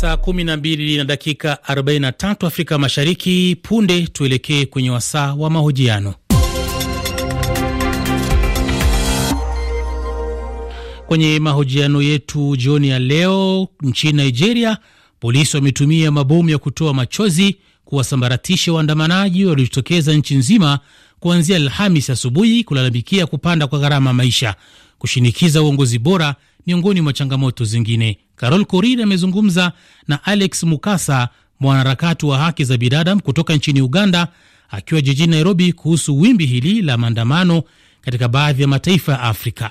Saa 12 na dakika 43 Afrika Mashariki. Punde tuelekee kwenye wasaa wa mahojiano. Kwenye mahojiano yetu jioni ya leo, nchini Nigeria, polisi wametumia mabomu ya kutoa machozi kuwasambaratisha waandamanaji waliojitokeza nchi nzima kuanzia Alhamis asubuhi kulalamikia kupanda kwa gharama maisha kushinikiza uongozi bora miongoni mwa changamoto zingine. Carol Korir amezungumza na Alex Mukasa, mwanaharakati wa haki za binadamu kutoka nchini Uganda, akiwa jijini Nairobi, kuhusu wimbi hili la maandamano katika baadhi ya mataifa ya Afrika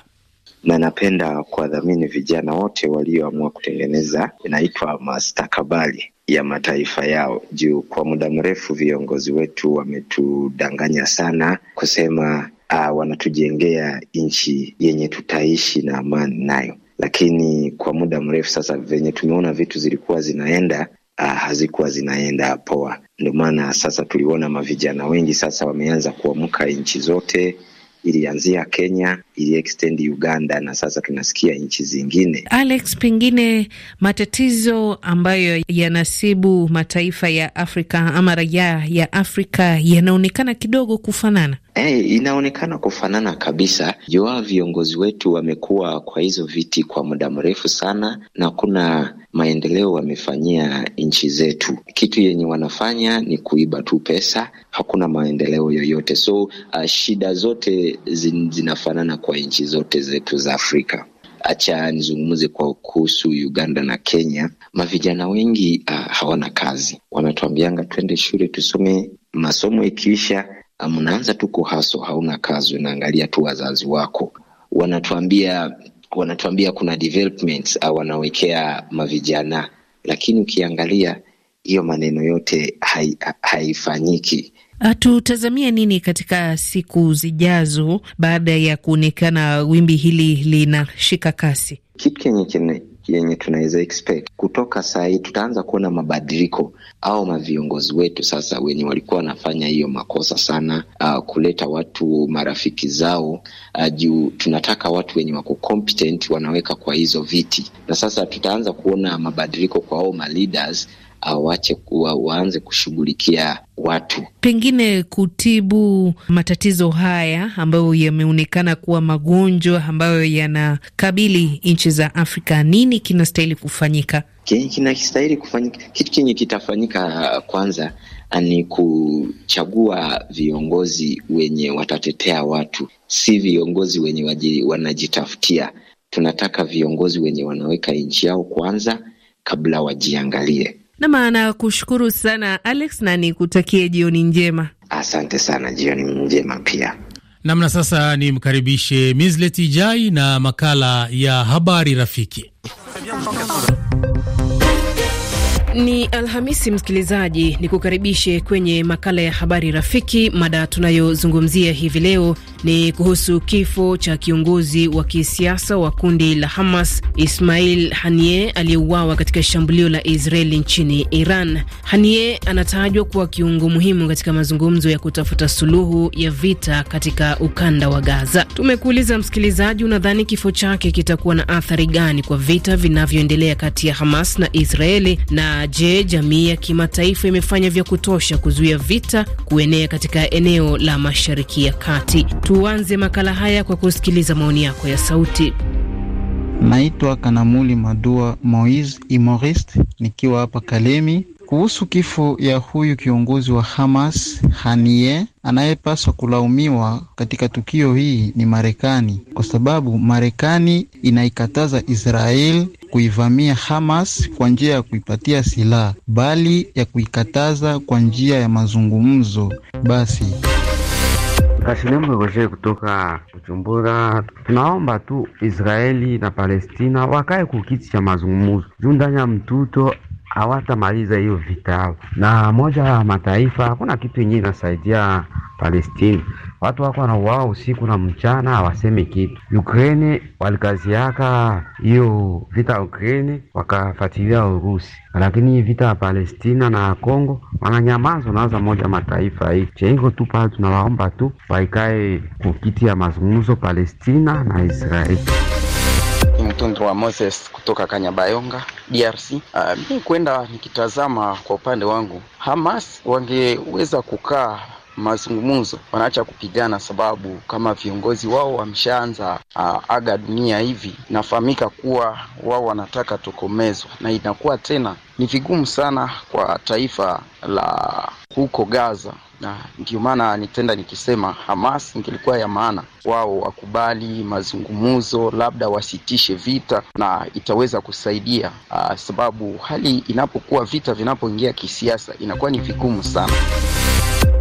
na napenda kuwadhamini vijana wote walioamua kutengeneza inaitwa mastakabali ya mataifa yao, juu kwa muda mrefu viongozi wetu wametudanganya sana kusema uh, wanatujengea nchi yenye tutaishi na amani nayo, lakini kwa muda mrefu sasa venye tumeona vitu zilikuwa zinaenda uh, hazikuwa zinaenda poa. Ndio maana sasa tuliona mavijana wengi sasa wameanza kuamka nchi zote ilianzia Kenya, iliextendi Uganda na sasa tunasikia nchi zingine. Alex, pengine matatizo ambayo yanasibu mataifa ya Afrika ama raia ya Afrika yanaonekana kidogo kufanana. Hey, eh, inaonekana kufanana kabisa. Jua viongozi wetu wamekuwa kwa hizo viti kwa muda mrefu sana na kuna maendeleo wamefanyia nchi zetu. Kitu yenye wanafanya ni kuiba tu pesa, hakuna maendeleo yoyote. So uh, shida zote zin, zinafanana kwa nchi zote zetu za Afrika. Acha nizungumze kwa kuhusu Uganda na Kenya. Mavijana wengi uh, hawana kazi, wanatuambianga twende shule tusome, masomo ikiisha uh, mnaanza tu kuhaso, hauna kazi, unaangalia tu wazazi wako. Wanatuambia wanatuambia kuna developments au wanawekea mavijana, lakini ukiangalia hiyo maneno yote hai, haifanyiki. Tutazamie nini katika siku zijazo baada ya kuonekana wimbi hili linashika kasi? Kitu kenye yenye tunaweza expect kutoka saa hii, tutaanza kuona mabadiliko au maviongozi wetu sasa wenye walikuwa wanafanya hiyo makosa sana, uh, kuleta watu marafiki zao uh, juu tunataka watu wenye wako competent wanaweka kwa hizo viti, na sasa tutaanza kuona mabadiliko kwa ao ma leaders awache kuwa waanze kushughulikia watu pengine kutibu matatizo haya ambayo yameonekana kuwa magonjwa ambayo yanakabili nchi za Afrika. Nini kinastahili kufanyika? Kinastahili kufanyika, kitu chenye kitafanyika kwanza ni kuchagua viongozi wenye watatetea watu, si viongozi wenye waji, wanajitafutia. Tunataka viongozi wenye wanaweka nchi yao kwanza kabla wajiangalie ya kushukuru sana Alex na ni kutakie jioni njema. Asante sana, jioni njema pia namna. Sasa nimkaribishe Mislet jai na makala ya habari rafiki ni Alhamisi, msikilizaji, ni kukaribishe kwenye makala ya habari rafiki. Mada tunayozungumzia hivi leo ni kuhusu kifo cha kiongozi wa kisiasa wa kundi la Hamas Ismail hanie aliyeuawa katika shambulio la Israeli nchini Iran. hanie anatajwa kuwa kiungo muhimu katika mazungumzo ya kutafuta suluhu ya vita katika ukanda wa Gaza. Tumekuuliza msikilizaji, unadhani kifo chake kitakuwa na athari gani kwa vita vinavyoendelea kati ya Hamas na Israeli na je, jamii ya kimataifa imefanya vya kutosha kuzuia vita kuenea katika eneo la Mashariki ya Kati? Tuanze makala haya kwa kusikiliza maoni yako ya sauti. Naitwa Kanamuli Madua Moise Imorist, nikiwa hapa Kalemi kuhusu kifo ya huyu kiongozi wa Hamas hanie anayepaswa kulaumiwa katika tukio hii ni Marekani, kwa sababu Marekani inaikataza Israel kuivamia Hamas kwa njia ya kuipatia silaha, bali ya kuikataza kwa njia ya mazungumzo. Basi Kashilembo Roger kutoka Bujumbura. Tunaomba tu Israeli na Palestina wakae kukiti cha mazungumzo juu ndani ya mtuto hawatamaliza hiyo vita na moja ya mataifa. Hakuna kitu yenyewe inasaidia Palestina, watu wako wanauawa usiku na mchana, hawaseme kitu. Ukraine walikaziaka hiyo vita ya Ukraine wakafatilia Urusi, lakini vita ya Palestina na Kongo wananyamaza. Unaanza moja mataifa hii cheiko tu pale, tunawaomba tu waikae kukiti ya mazungumzo Palestina na Israeli. Mtundro wa Moses kutoka Kanyabayonga, DRC. Uh, ah, mi kwenda nikitazama kwa upande wangu, Hamas wangeweza kukaa mazungumzo, wanaacha kupigana, sababu kama viongozi wao wameshaanza ah, aga dunia hivi, nafahamika kuwa wao wanataka tokomezwa, na inakuwa tena ni vigumu sana kwa taifa la huko Gaza na ndio maana nitenda nikisema Hamas ingelikuwa ya maana wao wakubali mazungumzo, labda wasitishe vita na itaweza kusaidia aa, ah, sababu hali inapokuwa vita vinapoingia kisiasa inakuwa ni vigumu sana.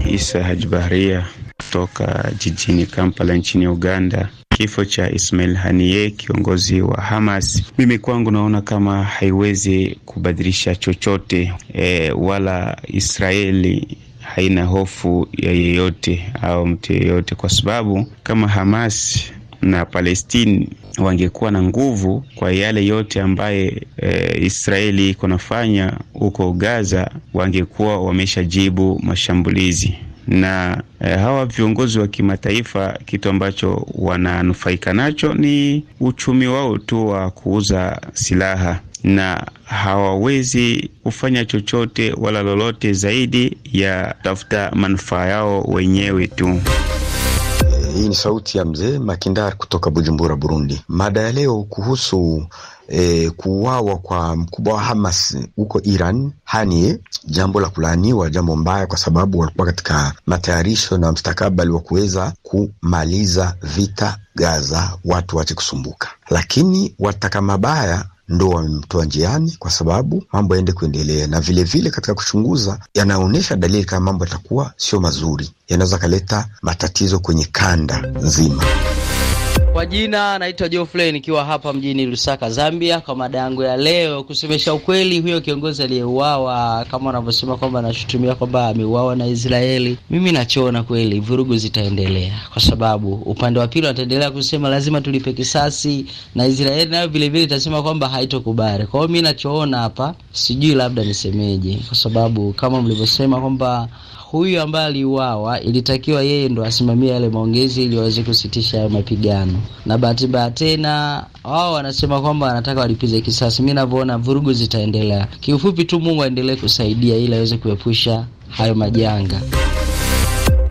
Isa Haji kutoka jijini Kampala nchini Uganda. Kifo cha Ismail Haniye, kiongozi wa Hamas, mimi kwangu naona kama haiwezi kubadilisha chochote e, wala Israeli haina hofu ya yeyote au mtu yeyote, kwa sababu kama Hamas na Palestini wangekuwa na nguvu kwa yale yote ambaye e, Israeli iko nafanya huko Gaza, wangekuwa wameshajibu mashambulizi na e, hawa viongozi wa kimataifa kitu ambacho wananufaika nacho ni uchumi wao tu wa kuuza silaha, na hawawezi kufanya chochote wala lolote zaidi ya tafuta manufaa yao wenyewe tu. Hii ni sauti ya mzee Makindar kutoka Bujumbura, Burundi. Mada ya leo kuhusu E, kuuawa kwa mkubwa wa Hamas huko Iran hani jambo la kulaaniwa, jambo mbaya, kwa sababu walikuwa katika matayarisho na mstakabali wa kuweza kumaliza vita Gaza, watu wache kusumbuka, lakini wataka mabaya ndo wamemtoa njiani, kwa sababu mambo yaende kuendelea. Na vilevile vile katika kuchunguza, yanaonyesha dalili kama mambo yatakuwa sio mazuri, yanaweza kaleta matatizo kwenye kanda nzima. Kwa jina naitwa Geoffrey nikiwa hapa mjini Lusaka, Zambia, kwa mada yangu ya leo. Kusemesha ukweli, huyo kiongozi aliyeuawa kama wanavyosema kwamba anashutumia kwamba ameuawa na Israeli, mimi nachoona kweli vurugu zitaendelea, kwa sababu upande wa pili wataendelea kusema lazima tulipe kisasi, na Israeli nayo vilevile itasema kwamba haitokubali. Kwa hiyo mi nachoona hapa, sijui labda nisemeje, kwa sababu kama mlivyosema kwamba huyu ambaye aliuawa ilitakiwa yeye ndo asimamie yale maongezi ili waweze kusitisha hayo mapigano, na bahati mbaya tena wao wanasema kwamba wanataka walipize kisasi. Mi navyoona vurugu zitaendelea. Kiufupi tu, Mungu aendelee kusaidia ili aweze kuepusha hayo majanga.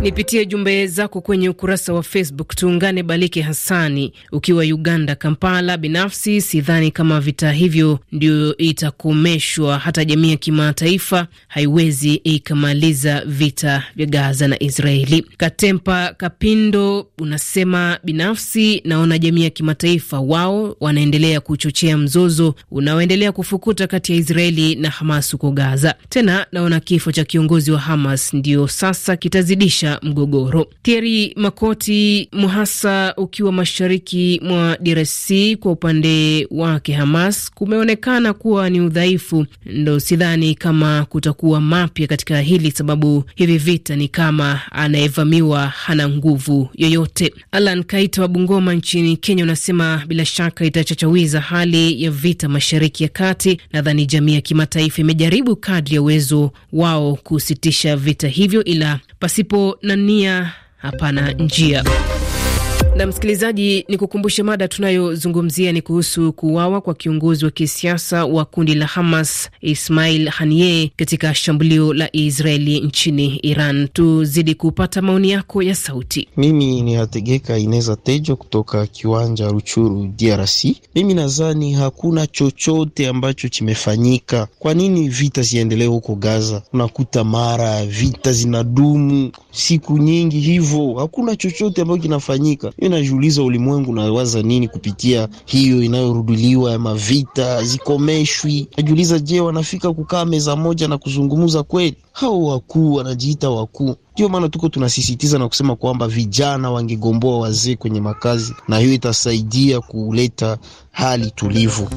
Nipitie jumbe zako kwenye ukurasa wa Facebook. Tuungane. Balike hasani ukiwa Uganda, Kampala. Binafsi sidhani kama vita hivyo ndio itakomeshwa, hata jamii ya kimataifa haiwezi ikamaliza vita vya Gaza na Israeli. Katempa Kapindo unasema binafsi naona jamii ya kimataifa wao wanaendelea kuchochea mzozo unaoendelea kufukuta kati ya Israeli na Hamas huko Gaza. Tena naona kifo cha kiongozi wa Hamas ndio sasa kitazidisha mgogoro. Thierry Makoti Muhasa, ukiwa mashariki mwa DRC, kwa upande wake Hamas kumeonekana kuwa ni udhaifu, ndo sidhani kama kutakuwa mapya katika hili, sababu hivi vita ni kama anayevamiwa hana nguvu yoyote. Alan Kaita wa Bungoma nchini Kenya unasema bila shaka itachachawiza hali ya vita mashariki ya kati. Nadhani jamii ya kimataifa imejaribu kadri ya uwezo wao kusitisha vita hivyo, ila pasipo na nia hapana njia. Na msikilizaji, ni kukumbushe mada tunayozungumzia ni kuhusu kuuawa kwa kiongozi wa kisiasa wa kundi la Hamas Ismail hanie katika shambulio la Israeli nchini Iran. Tuzidi kupata maoni yako ya sauti. Mimi ni Hategeka Ineza Tejo kutoka kiwanja Ruchuru, DRC. Mimi nadhani hakuna chochote ambacho chimefanyika. Kwa nini vita ziendelee huko Gaza? Unakuta mara vita zinadumu siku nyingi hivyo, hakuna chochote ambacho kinafanyika najiuliza ulimwengu nawaza nini kupitia hiyo inayoruduliwa ya mavita zikomeshwi. Najiuliza, je, wanafika kukaa meza moja na kuzungumza kweli? Hao wakuu wanajiita wakuu ndio maana tuko tunasisitiza na kusema kwamba vijana wangegomboa wazee kwenye makazi, na hiyo itasaidia kuleta hali tulivu.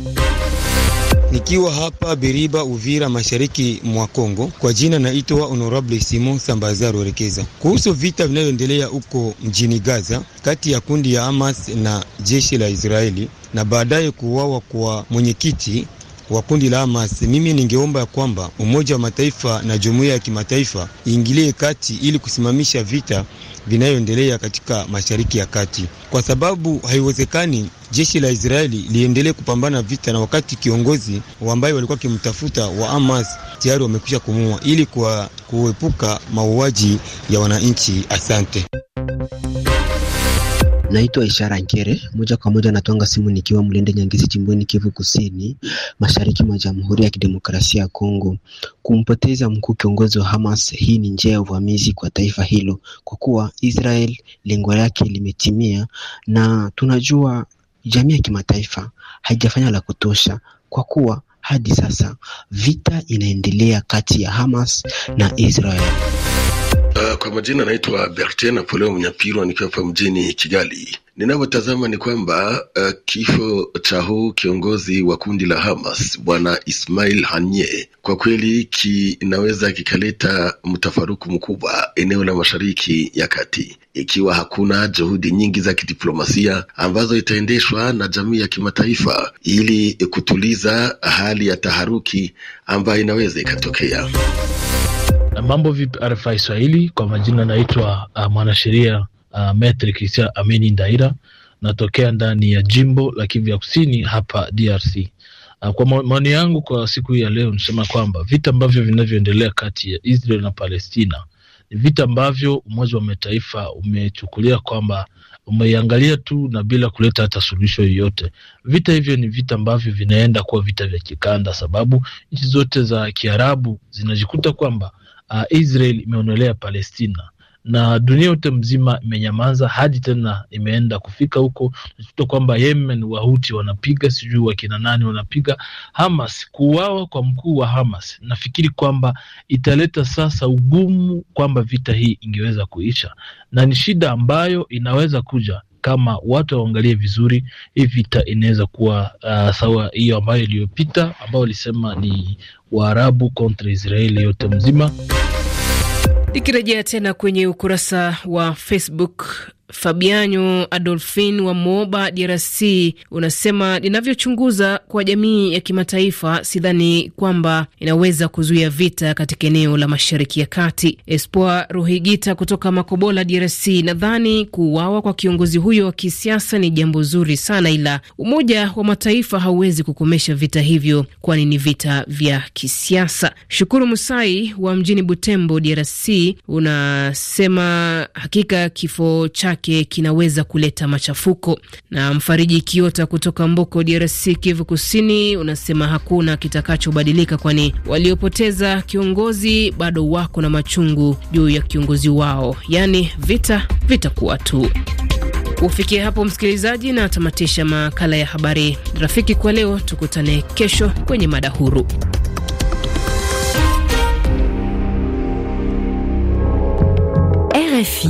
Nikiwa hapa Biriba, Uvira, mashariki mwa Kongo. Kwa jina naitwa Honorable Simon Sambazaru Rekeza. Kuhusu vita vinavyoendelea huko mjini Gaza kati ya kundi ya Hamas na jeshi la Israeli na baadaye kuuawa kwa mwenyekiti wa kundi la Hamas, mimi ningeomba ya kwamba Umoja wa Mataifa na jumuiya ya kimataifa iingilie kati ili kusimamisha vita vinayoendelea katika Mashariki ya Kati, kwa sababu haiwezekani jeshi la Israeli liendelee kupambana vita na wakati kiongozi ambaye walikuwa kimtafuta wa Hamas tayari wamekwisha kumua, ili kwa kuepuka mauaji ya wananchi. Asante. Naitwa Ishara Nkere, moja kwa moja natwanga simu nikiwa Mlende Nyangezi, jimboni Kivu Kusini, mashariki mwa Jamhuri ya Kidemokrasia ya Kongo. Kumpoteza mkuu kiongozi wa Hamas, hii ni njia ya uvamizi kwa taifa hilo, kwa kuwa Israel lengo lake limetimia, na tunajua jamii ya kimataifa haijafanya la kutosha, kwa kuwa hadi sasa vita inaendelea kati ya Hamas na Israel. Uh, kwa majina naitwa Bertin Napoleon Mnyapirwa nikiwa hapa mjini Kigali. Ninavyotazama ni kwamba uh, kifo cha huu kiongozi wa kundi la Hamas bwana Ismail Haniyeh kwa kweli kinaweza kikaleta mtafaruku mkubwa eneo la Mashariki ya Kati ikiwa hakuna juhudi nyingi za kidiplomasia ambazo itaendeshwa na jamii ya kimataifa ili kutuliza hali ya taharuki ambayo inaweza ikatokea. Eh, mambo vipi RFI Swahili, kwa majina naitwa uh, mwanasheria uh, eh, Metri Christian Amini Ndaira, natokea ndani ya jimbo la Kivu ya Kusini hapa DRC. Uh, kwa maoni yangu kwa siku hii ya leo nisema kwamba vita ambavyo vinavyoendelea kati ya Israel na Palestina ni vita ambavyo Umoja wa Mataifa umechukulia kwamba umeiangalia tu na bila kuleta hata suluhisho yoyote. Vita hivyo ni vita ambavyo vinaenda kuwa vita vya kikanda, sababu nchi zote za Kiarabu zinajikuta kwamba uh, Israel imeonelea Palestina na dunia yote mzima imenyamaza hadi tena imeenda kufika huko. nakuta kwamba Yemen wahuti wanapiga, sijui wakina nani wanapiga. Hamas, kuuawa kwa mkuu wa Hamas nafikiri kwamba italeta sasa ugumu kwamba vita hii ingeweza kuisha, na ni shida ambayo inaweza kuja kama watu waangalie vizuri, hii vita inaweza kuwa uh, sawa hiyo ambayo iliyopita, ambayo walisema ni Waarabu kontra Israeli yote mzima. ikirejea tena kwenye ukurasa wa Facebook Fabiano Adolfin wa Moba, DRC, unasema linavyochunguza kwa jamii ya kimataifa, sidhani kwamba inaweza kuzuia vita katika eneo la mashariki ya kati. Espoir Ruhigita kutoka Makobola, DRC, nadhani kuuawa kwa kiongozi huyo wa kisiasa ni jambo zuri sana, ila Umoja wa Mataifa hauwezi kukomesha vita hivyo, kwani ni vita vya kisiasa. Shukuru Musai wa mjini Butembo, DRC, unasema hakika kifo cha chake kinaweza kuleta machafuko. Na mfariji Kiota kutoka Mboko, DRC, Kivu Kusini, unasema hakuna kitakachobadilika, kwani waliopoteza kiongozi bado wako na machungu juu ya kiongozi wao, yaani vita vitakuwa tu. Ufikie hapo msikilizaji, na tamatisha makala ya habari rafiki kwa leo. Tukutane kesho kwenye mada huru. RFI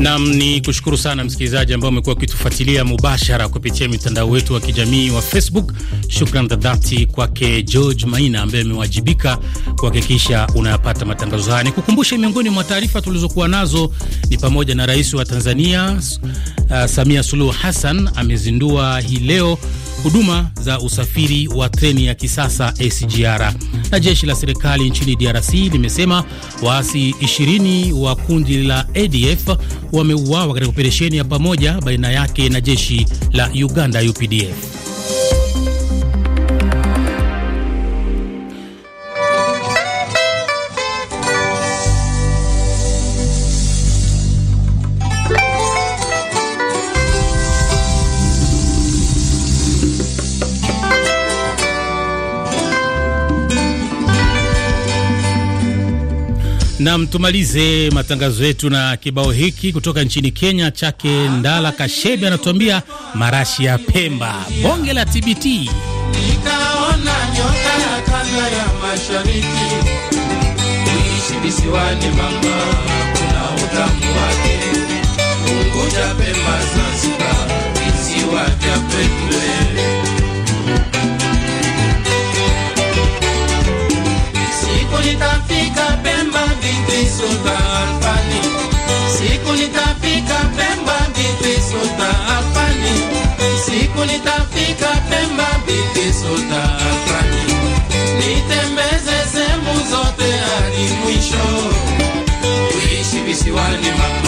Nam ni kushukuru sana msikilizaji ambao umekuwa ukitufuatilia mubashara kupitia mitandao wetu wa kijamii wa Facebook. Shukran za dhati kwake George Maina ambaye amewajibika kuhakikisha unayapata matangazo haya. Ni kukumbushe miongoni mwa taarifa tulizokuwa nazo ni pamoja na rais wa Tanzania uh, Samia Suluhu Hassan amezindua hii leo huduma za usafiri wa treni ya kisasa SGR. Na jeshi la serikali nchini DRC limesema waasi 20 wa kundi la ADF wameuawa katika operesheni ya pamoja baina yake na jeshi la Uganda UPDF. Nam, tumalize matangazo yetu na kibao hiki kutoka nchini Kenya chake Ndala Kashebi anatuambia marashi ya Pemba, bonge la TBT. Nikaona nyota ya kanda ya mashariki, uishi visiwani mama, kuna utamu wake. Unguja, Pemba, Zanzibar, visiwa vya pekee. Siku nitafika Pemba, binti Sultan Fani. Siku nitafika Pemba, binti Sultan Fani. Siku nitafika Pemba, binti Sultan Fani. Nitembeze sehemu zote hadi mwisho, tuishi visiwani mama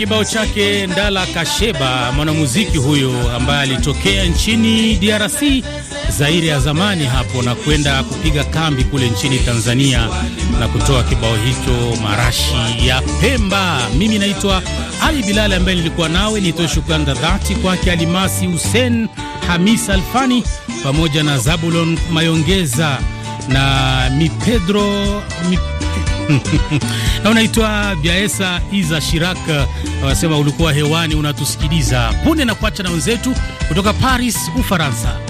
kibao chake Ndala Kasheba, mwanamuziki huyo ambaye alitokea nchini DRC Zaire ya zamani hapo na kwenda kupiga kambi kule nchini Tanzania na kutoa kibao hicho marashi ya Pemba. Mimi naitwa Ali Bilali, ambaye nilikuwa nawe. Nitoe shukrani za dhati kwake Alimasi Hussein Hamis Alfani pamoja na Zabulon Mayongeza na Mipedro Mip na unaitwa Biaesa Iza Shiraka, wanasema ulikuwa hewani unatusikiliza punde na kuacha na wenzetu kutoka Paris, Ufaransa.